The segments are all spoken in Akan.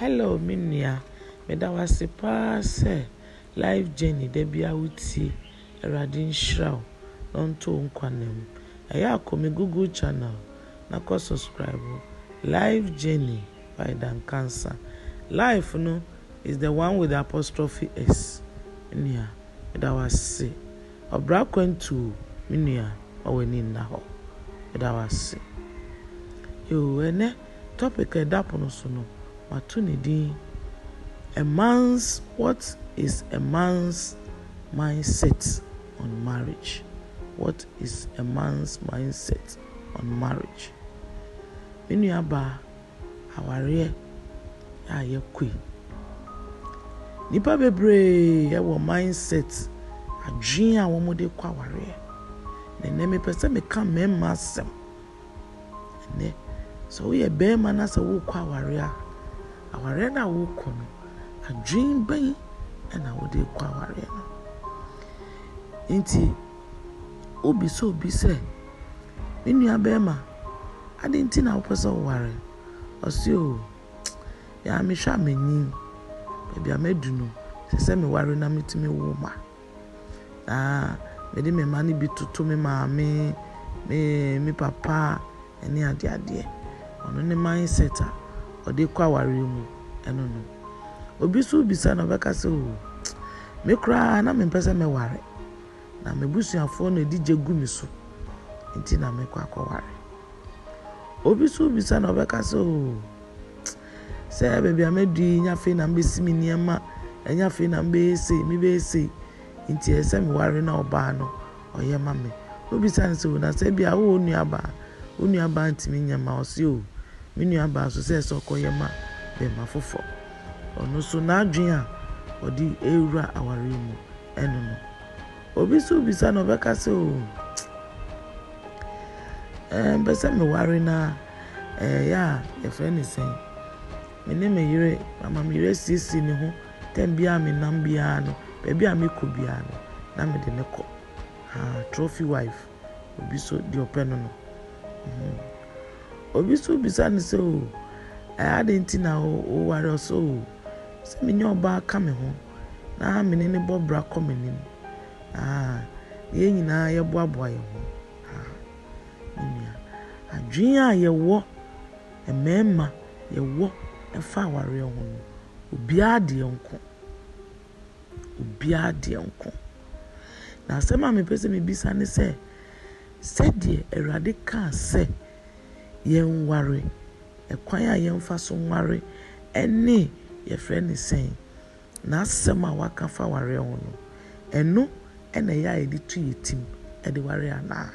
hello me nua meda wo ase paa sɛ life journey da bia wotie awurade nhyira wo na ɔnto nkwa na mu ɛyɛ google channel na kɔ subscribe life journey by dan cancer life no is the one with the apostrophe s nua meda wo ase ɔbra kwantuo me nua ɔwɔ ani nna hɔ meda wo yoo ɛnɛ topic ɛda pono so no. mato ne din a man's what is a man's mindset on marriage what is a man's mindset on marriage me nua baa awareɛ a yɛkɔe nnipa bebree ɛwɔ mindset adwene a wɔde kɔ awareɛ na nnɛ mepɛ sɛ meka mmarima asɛm nnɛ sɛ woyɛ barima na sɛ worekɔ awareɛ a awareɛ no a wokɔ no adwene bɛn ɛna wode kɔ awareɛ no nti wobisa obi sɛ me nua bɛrima ade nti na wopɛ sɛ woware ɔse o yɛa mehwɛ a m'anim baabi a madu no sɛ sɛ meware na metumi wo ma na mede me ma no bi toto me maame me me papa ɛne adeadeɛ ɔno ne mindset a ɔde kɔ awareɛ mu ɛno no obi nso bisa na ɔbɛka sɛ o oh, me koraa na mempɛ sɛ mɛware na mebusuafoɔ na ɛdi gye gu me so nti na mekɔ akɔware obi nso bisa na ɔbɛka sɛ o oh, sɛ baabi a madu yi nya afei na mbɛsi me nneɛma ɛnya afei na mbɛɛsei mebɛɛsei nti ɛsɛ sɛ meware na ɔbaa no ɔyɛ ma me obi sa ne sɛ o oh, na sɛ bia wowɔ nuabaa wo nuabaa ntumi nyɛ ma ɔse o me nua baa so sɛ ɛsɛ ɔkɔyɛ ma bɛma foforɔ ɔno so n'adwene a ɔde ewura awari mu ɛno no obi so bisa na ɔbɛka sɛ o oh, ɛɛ mpɛ sɛ meware na a yɛfrɛ ne sɛn me ne me yere mama me yere siesie ne ho me nam no a no ha ah, trophy wife obi so deɛ ɔpɛ no mhm. obi nso bisa ne sɛ o ade nti na oware ɔsɛ o sɛ menyɛ ɔbaa ka me ho na ha mene ne bɔbra kɔ m'anim na ah, yɛn nyinaa yɛboaboa yɛn ho ah, adwene a yɛwɔ mmarima yɛwɔ ɛfa awareɛ ho no obiara deɛ nko obiara deɛ nko na asɛm a mepɛ sɛ mebisa ne sɛ sɛdeɛ awurade kaa sɛ yɛn nware ɛkwan a yɛmfa so nware ɛne yɛfrɛ ne sɛn n'asɛm a waka fa wareɛ ho no ɛno ɛna ɛyɛ a yɛde tu yɛ tim ɛde ware anaa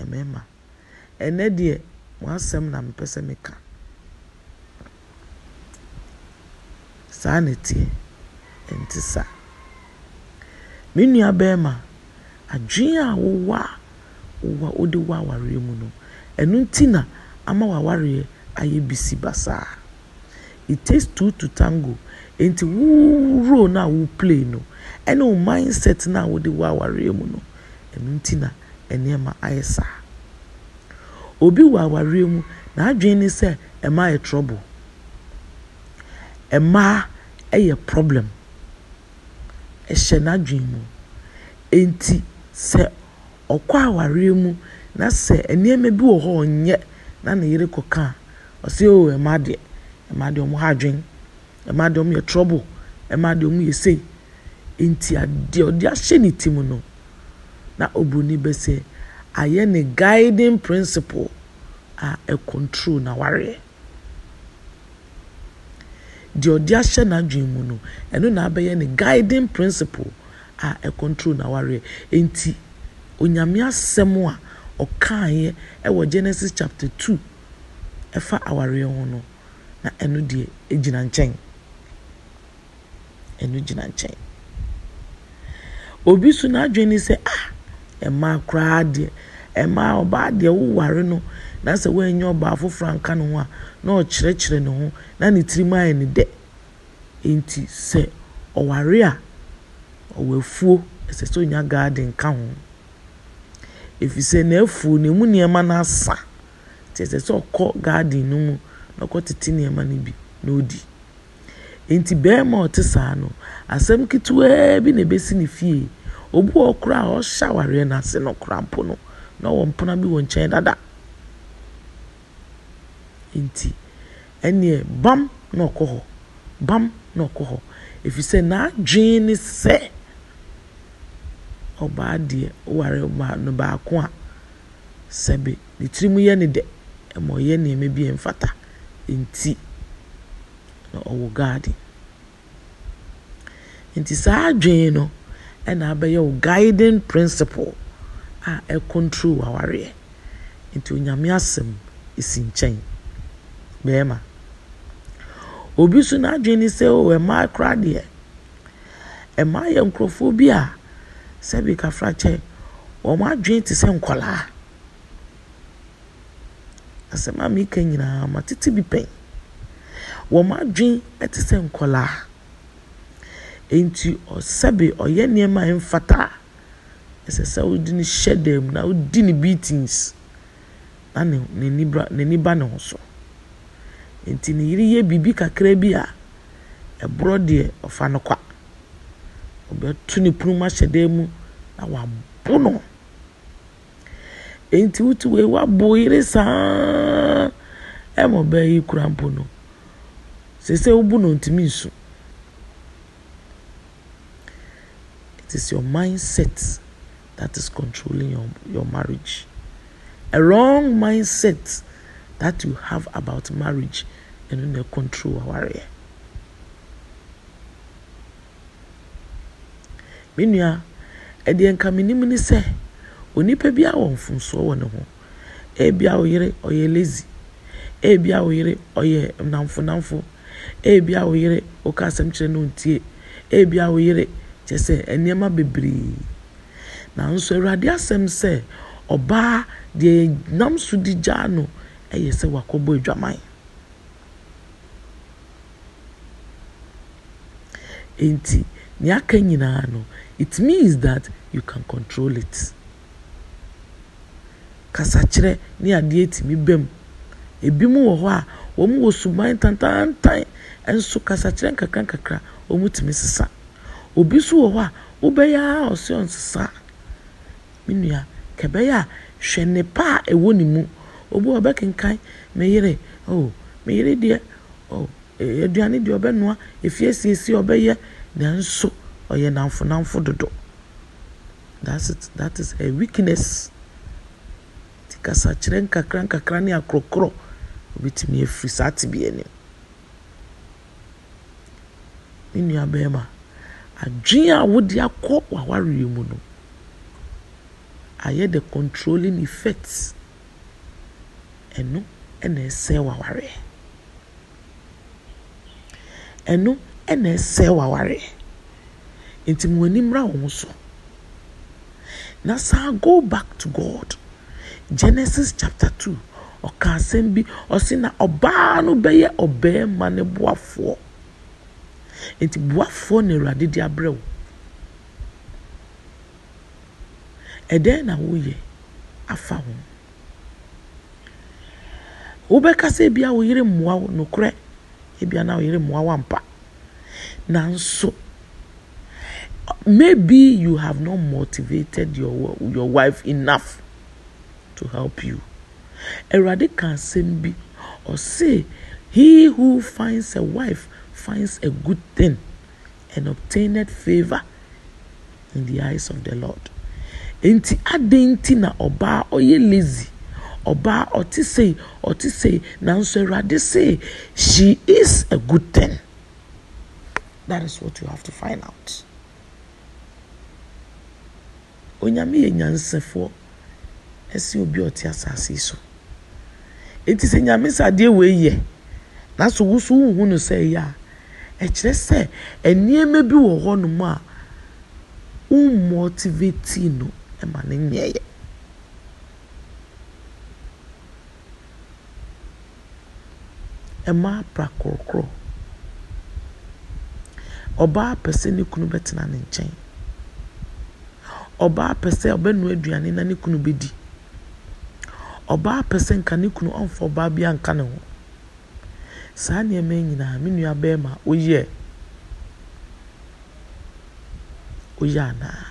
mmarima ɛnɛ deɛ asɛm na mepɛ sɛ meka saa na teɛ me nua a wode wɔ ɛno nti na ama w'awareɛ ayɛ bisi basaa it takes two to tango nti wo role na wo play no ɛna wo mindset na wode wo awareɛ mu no ɛno nti na nneɛma ayɛ saa obi wɔ awareɛ mu n'adwene ne sɛ ɛma yɛ trouble mmaa yɛ problem ɛhyɛ n'adwene mu nti sɛ ɔkɔ awareɛ mu. na sɛ nneɛma bi wɔ hɔ a ɔnyɛ na ne yere kɔka a ɔsɛ o oh, ɛma deɛ ɛma deɛ ɔmo ha adwene ɛma deɛ ɔmo yɛ trouble ɛma deɛ ɔmo yɛ sei nti adeɛ ɔde ahyɛ ne ti mu no na obroni bɛsɛ ayɛ ne guiding principle a ɛcontrol na wareɛ deɛ ɔde ahyɛ n'adwene mu no ɛno na abɛyɛ ne guiding principle a ɛcontrol na wareɛ nti onyame asɛm a. ɔkaeɛ ɛwɔ genesis chapter two ɛfa awareɛ ho no na ɛno deɛ egyina nkyɛn ɛno gyina nkyɛn obi so n'adwene sɛ ah ɛmaa koraa deɛ ɛmaa ɔbaa deɛ woware no na sɛ woanyɛ ɔbaa foforɔ anka ne ho a na ɔkyerɛkyerɛ ne ho na ne tirim ayɛ ne dɛ nti sɛ ɔware a ɔwɔ afuo ɛsɛ sɛ onya garden ka ho. ɛfiri sɛ n'afuo no emu nneɛma no asa nti ɛsɛ sɛ ɔkɔ garden no mu na ɔkɔ tete nneɛma no bi na ɔdi nti barima a ɔte saa no asɛm ketewaa bi na ebesi ne fie obu a ɔkora a ɔhyɛ awareɛ n'ase no ɔkora mpo no na ɔwɔ mpona bi wɔ nkyɛn dada nti ɛneɛ bam na ɔkɔ hɔ bam na ɔkɔ hɔ ɛfiri sɛ n'adwene ne sɛ Ɔbaa deɛ, oware ɔbaa no baako a, sɛbe ne tirim yɛ no dɛ, ɛma ɔyɛ nneɛma bi a nti na ɔwɔ gaadi. Nti saa adwen no ɛna abɛyɛ wo guiding principle a ɛ control Nti Onyame asɛm si nkyɛn. Bɛɛma. Obi nso n'adwen ne sɛ oo oh, mmaa koraa deɛ, mmaa yɛ nkurɔfoɔ bi a sɛ bi kafra kyɛ wɔn adwene te sɛ nkɔlaa asɛm a meka nyinaa ma tete bi pɛn wɔn adwene te sɛ nkɔlaa nti ɔsɛbi ɔyɛ nneɛma mfata ɛsɛ sɛ wodi ne hyɛ dɛm na wodi ne beatings na ne n'ani ba n'ani ba ne ho so nti ne yiri yɛ biribi kakra bi a ɛborɔ deɛ ɔfa no kwa ɔbɛtu ne punu ahyɛ dan mu na wabu no nti wotu wei wabu yere saa ɛma ɔbaa yi kura mpo no sese wobu no ntumi nsu it is your mindset that is controlling your, your marriage a wrong mindset that you have about marriage ɛno na control awareɛ. me nua ɛdeɛ nka menim ne sɛ onipa biara wɔ mfomsoɔ wɔ ne ho ebia wo yere ɔyɛ lazy ebia wo yere ɔyɛ nnamfonamfo ebia wo yere ɔka asɛm kyerɛ no ntie ebia wo yere kyɛ sɛ nneɛma bebree nanso awurade asɛm sɛ ɔbaa deɛ nam so di gyaa no ɛyɛ sɛ wakɔbɔ adwaman nti nea aka nyinaa it means that you can control it kasakyerɛ ne adeɛ tumi bɛm ebimu wɔ hɔ a wɔn wɔ suman tantantan nso kasakyerɛ nkakrankakra wɔn tumi sesa obi nso wɔ hɔ a wobɛyɛ a ɔsɛ ɔnsesa me nua kɛbɛyɛ a hwɛ ne pa a ɛwɔ ne mu obi ɔbɛkenkan me yere oh me yere deɛ oh e, aduane deɛ ɔbɛnoa efi esiesie ɔbɛyɛ nanso ɔyɛ namfo namfo dodo that's it that is a weakness ti kasakyerɛ nkakra nkakra ne akorɔkorɔ obitumi afiri saa te bi anim ne nua bɛrima adwene a wode akɔ w'awareɛ mu no ayɛ the controlling effect ɛno ɛna ɛsɛɛ w'awareɛ ɛno ɛna ɛsɛɛ w'awareɛ nti mo ani mmra wo so na saa go back to god genesis chapter two ɔka asɛm bi ɔsi na ɔbaa no bɛyɛ ɔbɛɛma ne boafoɔ nti boafoɔ na awurade de abrɛ wo ɛdɛn na woyɛ afa ho wobɛkasa ebia wo yere mmoa wo ebi ebia na wo yere mmoa wo ampa nanso maybe you have not motivated your your wife enough to help you awurade ka be or say he who finds a wife finds a good thing and obtained favour in the eyes of the lord Enti adan nti na oba oye lazy ɔbaa ɔte sei ɔte say nanso awurade say she is a good thing that is what you have to find out. onyame yɛ nyansafoɔ ɛsɛ obi a ɔte asase so eti sɛ nyame sɛ adeɛ wei yɛ naso woso wohu no sɛ ɛyɛ a ɛkyerɛ sɛ nneɛma bi wɔ hɔnom a wommotivate no ma ne nyɛɛ ɛma apra korɔkorɔ ɔbaa pɛ sɛ ne kunu bɛtena ne nkyɛn ɔbaa pɛ sɛ ɔbɛnoa aduane na ne kunu bɛdi ɔbaa pɛ sɛ nka ne kunu ɔmmfa ɔbaa bi anka ne ho saa nneɛma nyinaa me nua bɛrima woyɛ woyɛ anaa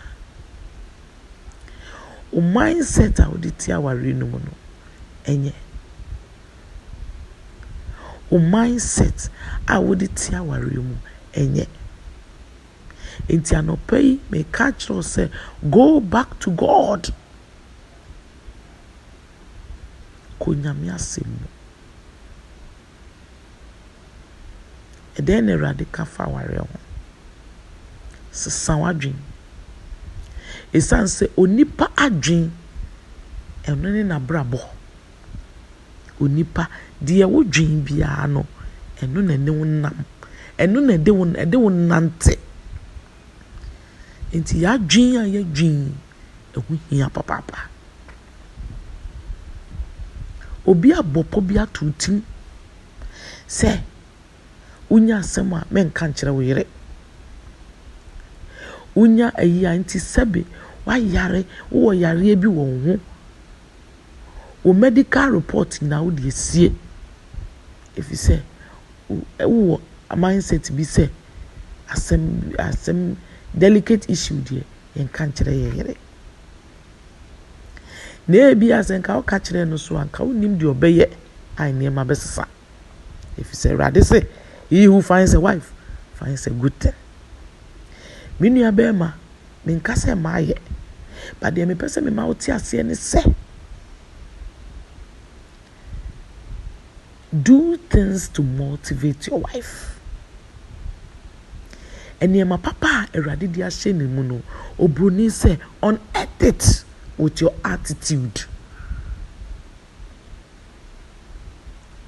wo mindset a wode ti awareɛ no mu no ɛnyɛ wo mindset a wode ti awareɛ mu ɛnyɛ nti anɔpa yi meka kyerɛ sɛ go back to god kɔ nyame asɛm mu e ɛdɛn na awurade ka fa awareɛ ho sesa w'adwene ɛsiane sɛ onipa adwene ɛno ne n'abrabɔ onipa deɛ wodwene biara no ɛno na ɛne wo nam ɛno na ɛde wo nante nti yɛadwen a yɛadwen ɛho hia papaapa obi abɔ pɔ bi ato wo tim sɛ wonya asɛm a menka nkyerɛ wo yere wonya ayi a nti sɛbe woayare wowɔ yareɛ bi wɔ wo ho wo medical report nyinaa wode asie ɛfiri sɛ wowɔ mindset bi sɛ asɛm asɛm delicate issue deɛ yɛnka nkyerɛ yɛn yere na ebi asɛ nka ɔka kyerɛ no so a nka onim deɛ ɔbɛyɛ a nneɛma bɛsesa efisɛ awurade sɛ he who finds a wife finds a good thing me nua bɛrima menka sɛ maa yɛ but deɛ mepɛ sɛ mema wote aseɛ ne sɛ do things to motivate your wife nneɛma papa a awurade de ahyɛ ne mu no obroni sɛ unearth it with your attitude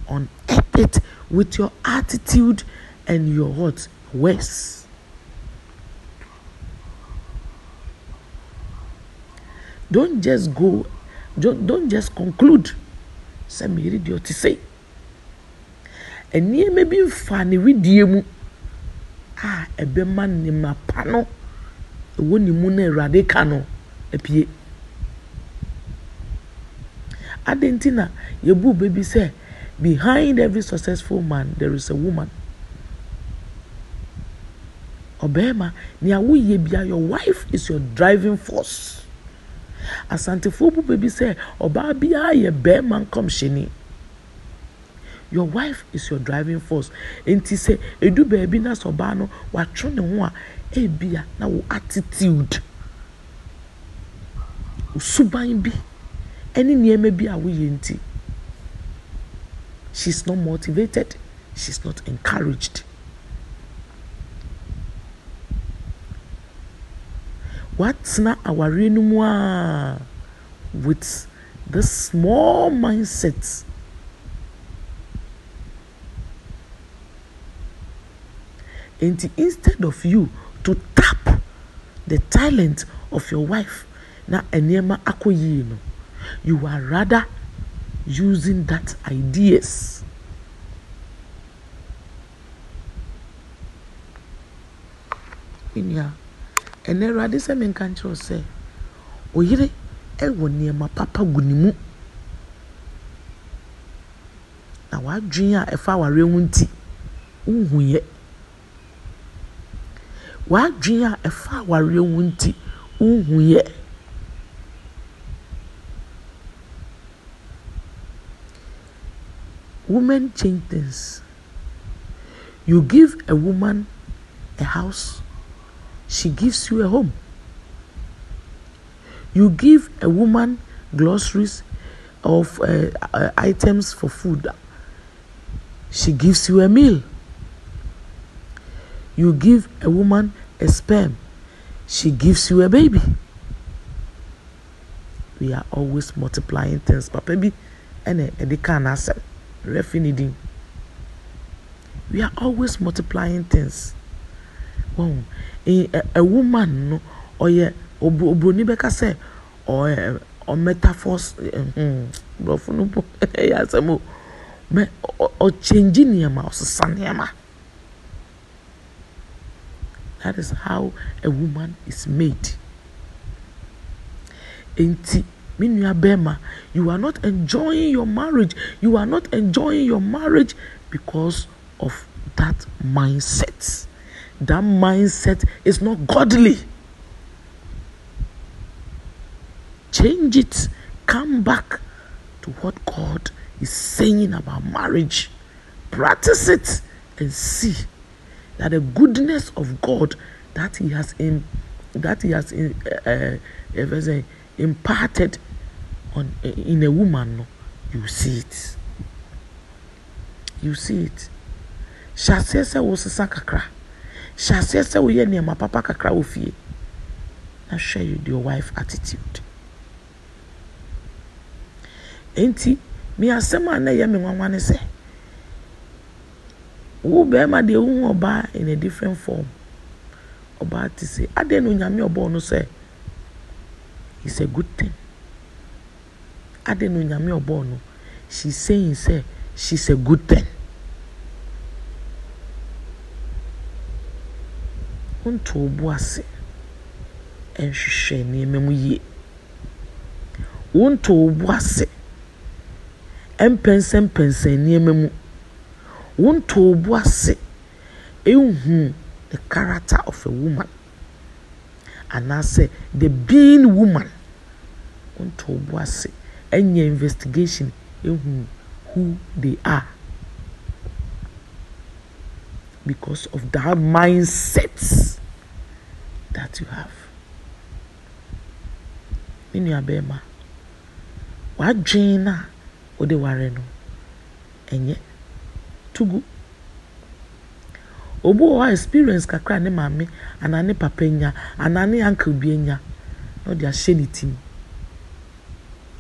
unearth with your attitude and your what words. don't just go don't, don't just conclude sɛ meyere deɛ ɔte sei nneɛma bi mfa ne widie mu a ɛbɛma nnema pa no ɛwɔ ne mu na awurade ka no apue adɛn nti na yɛbu ba sɛ behind every successful man there is a woman ɔbɛrima nea woyɛ bia your wife is your driving force asantefoɔ bu ba bi sɛ ɔbaa biara yɛ bɛrima nkɔmhyɛni your wife is your driving force nti sɛ edu baabi na sɛ ɔbaa no watwe ne ho a ebia na wo attitude suban bi ɛne nneɛma bi a woyɛ nti she is not motivated she is not encouraged. watena awareɛ no mu a with this small mindset. nti instead of you to tap the talent of your wife na nneɛma akɔ yie no you are rather using that ideas. nua ɛnɛ awurade sɛ menka nkyerɛw sɛ oyere ɛwɔ nneɛma papa gu ne mu na wadwene a ɛfa awareɛ ho nti wohuiɛ w'adwene a ɛfa awareɛ ho nti nhu women change things you give a woman a house she gives you a home you give a woman groceries of uh, uh, items for food she gives you a meal you give a woman a sperm, she gives you a baby. We are always multiplying things, Papa B, and they can answer. Refiniding. We are always multiplying things. Wow. A, e, a, e, e woman, no, or yeah, obroni bɛka sɛ ɔɛ ɔmetaphors borɔfo no po ɛyɛ asɛm o mɛ ɔkyɛngye nneɛma ɔsesa nneɛma. That is how a woman is made. Enti, Bema, you are not enjoying your marriage. You are not enjoying your marriage because of that mindset. That mindset is not godly. Change it. Come back to what God is saying about marriage. Practice it and see that the goodness of God that He has in that He has in, uh, uh, imparted on in a woman, no, you see it. You see it. Shasese was a sesa shasese Hyɛaseɛ sɛ woyɛ nneɛma papa kakra wɔ fie. Na hwɛ your wife attitude. Enti, me asɛm a na ɛyɛ me nwanwa ne sɛ, wo bɛrima deɛ wohu ɔbaa in a different form ɔbaa te sɛ adeɛ na onyame ɔbɔɔ no sɛ is a good thing adeɛ na onyame ɔbɔɔ no she saying sɛ she is a good thing wonto wo bo ase nhwehwɛ nneɛma mu yie wonto wo bo ase mpɛnsɛmpɛnsɛn nneɛma mu wontoo bo ase ehu the character of a woman anaasɛ the being woman wontoo bo ase ɛnyɛ investigation ehu who they are because of that mindset that you have ne nua bɛrima wadwene na wɔde ware no ɛnyɛ tugu obi wɔ hɔ a experience kakra ne maame anaa ne papa nya anaa ne uncle bi nya na ɔde ahyɛ ne ti mu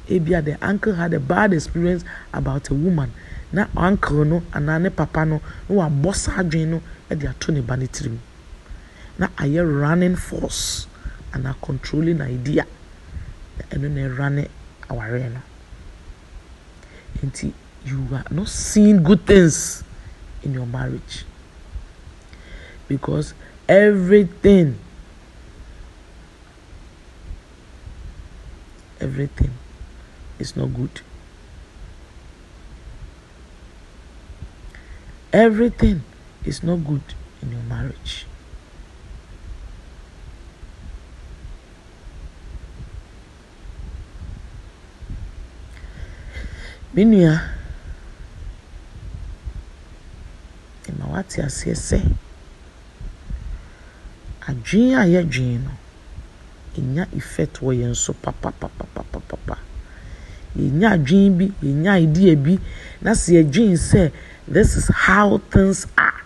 ebia the uncle had a bad experience about a woman na uncle no anaa ne papa no na wabɔ saa no de ato ne ba ne tirim na ayɛ running force anaa controlling idea na ɛno na ɛrane awareɛ no nti you are not seeing good things in your marriage because everything everything is not good everything is not good in your marriage me nua no wate aseɛ sɛ adwene a yɛdwene no ɛnya effect wɔ yɛn so papapapapapa yɛnya adwene bi yɛnya idea bi na sɛ yɛdwene sɛ this is how things are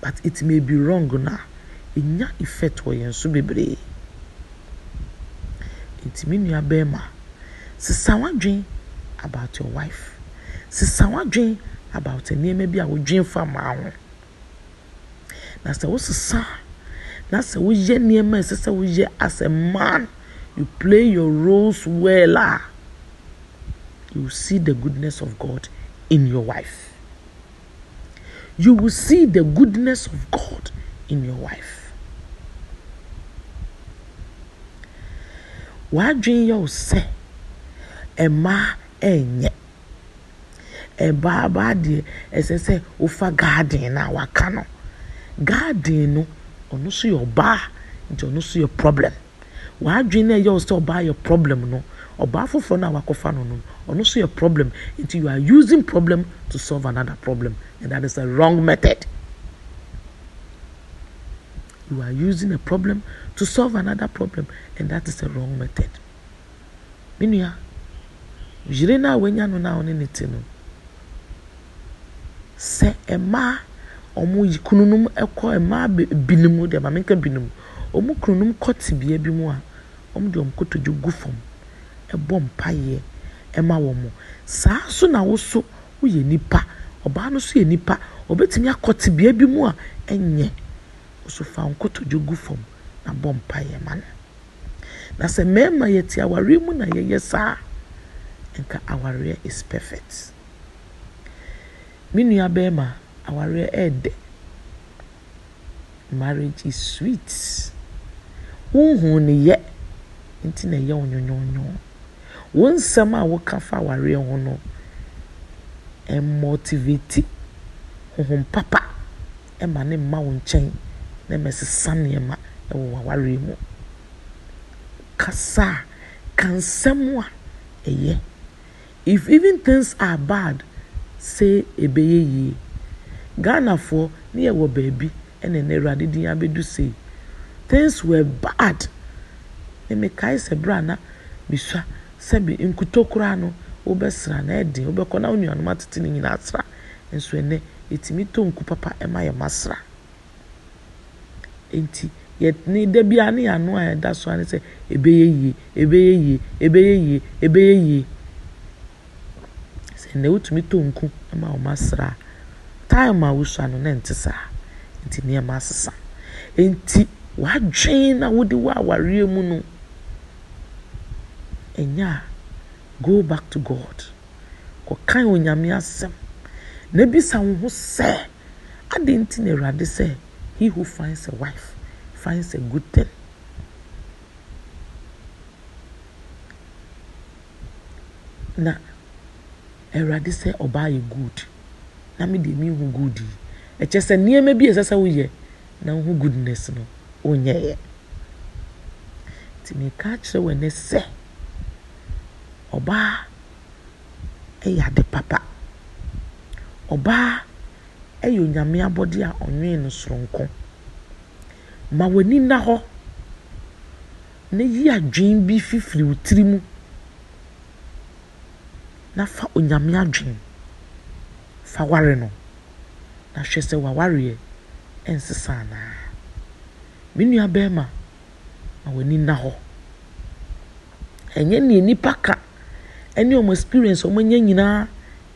but it may be wrong na ɛnya effect wɔ yɛn so bebree nti me nua bɛrima sesa wadwene about your wife sesa wadwene about a maybe I for my own. wodwen fa what's ho na That's wosesa na a woyɛ my sister, we woyɛ as a man you play your roles well ah you will see the goodness of God in your wife you will see the goodness of God in your wife wadwen yɛ wo sɛ ɛmaa ɛnyɛ ɛbaa baa deɛ ɛsɛ sɛ wofa garden na waka no garden no ɔno nso yɛ ɔbaa nti ɔno nso yɛ problem wadwin na ɛyɛ sɛ ɔbaa yɛ problem no ɔbaa foforɔ no a wakɔfa no no ɔno nso yɛ problem nti you are using problem to solve another problem and that is a wrong method you are using a problem to solve another problem and that is a wrong method menua yire no a wanya no no ɔne ne te no sɛ mmaa a yi kununom kɔ mmaa binom deɛ maame nka binom, wɔn kununom kɔ tebea bi mu a wɔde wɔn kotodwe gu fam bɔ mpaeɛ ma wɔn. Saa nso na wo nso woyɛ nipa, ɔbaa no nso yɛ nipa, ɔbɛtumi akɔ tebea bi mu a ɛnyɛ. Wo nso fa wo kotodwe gu fam na bɔ mpaeɛ ma no. Na sɛ mmarima yɛte awareɛ mu na yɛyɛ saa nka anka awareɛ is perfect. me nua bɛrima awareɛ ɛɛdɛ marriage is sweet huhu ne yɛ nti na ɛyɛ ɔnyɔnyɔnyɔn wɔn nsɛm a wɔka fa awareɛ ho no ɛmmɔtiveti honhom papa ɛma ne mma wo nkyɛn na ɛmɛsesa nneɛma ɛwɔ awareɛ mu kasa ka nsɛm a ɛyɛ if even things are bad se ɛbɛyɛ yie ghanafoɔ ne yɛwɔ baabi ɛna ɛnɛ awurade din abedu sei things were bad na mekae sɛ berɛ a na mesua sɛ me nkutɔ koraa no wobɛsra na ɛden wobɛkɔ na wo nuanom atete no nyinaa sra nso ɛnɛ ɛtumi tɔ nku papa ɛma yɛ sra nti yɛne da biara ne yɛano a yɛda so a sɛ ɛbɛyɛ yie ɛbɛyɛ yie ɛbɛyɛ yie ɛbɛyɛ yie na otumi tɔ nku ma wo mma sra a time a wosua no na nte saa nti nneɛma asesa nti wadwen na wode wo awareɛ mu no a go back to god kɔkan onyame asɛm na ebisa wo ho sɛ ade na awurade sɛ he who finds a wife finds a good thing na awurade sɛ ɔbaa yɛ good na me deɛ mehu good yi ɛkyɛ sɛ nneɛma bi a ɛsɛ sɛ woyɛ na wohu goodness no wonyɛeɛ nti meka kyerɛ w'ani sɛ ɔbaa ɛyɛ ade papa ɔbaa ɛyɛ onyame abɔde a ɔnwee no soronko ma w'ani na hɔ na yi adwene bi fifiri wo tiri mu na fa onyame adwene fa ware no na hwɛ sɛ wawareɛ ɛnsesa anaa me nua bɛrima ma w'ani na hɔ ɛnyɛ nea nipa ka ɛne ɔmo experience ɔmo anya nyinaa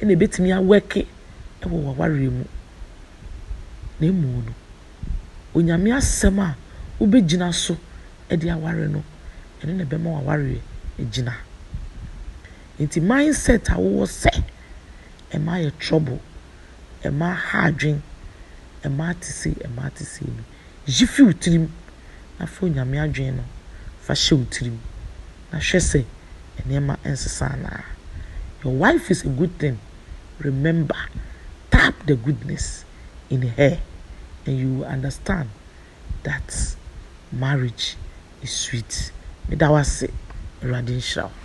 ɛna ebetumi awɛke ɛwɔ wawareɛ mu na emu no onyame asɛm a wobɛgyina so ɛde aware no ɛno na ɛbɛma wawareɛ egyina. nti mindset a wowɔ sɛ ɛma yɛ trouble ɛma ha adwen ɛma ate se ɛma ate se bi yi fi wo tirim na fa onyame adwen no fa hyɛ wo tirim na hwɛ sɛ nneɛma nsesa anaa your wife is a good thing remember tap the goodness in her and you will understand that marriage is sweet meda wase awurade nhyira wo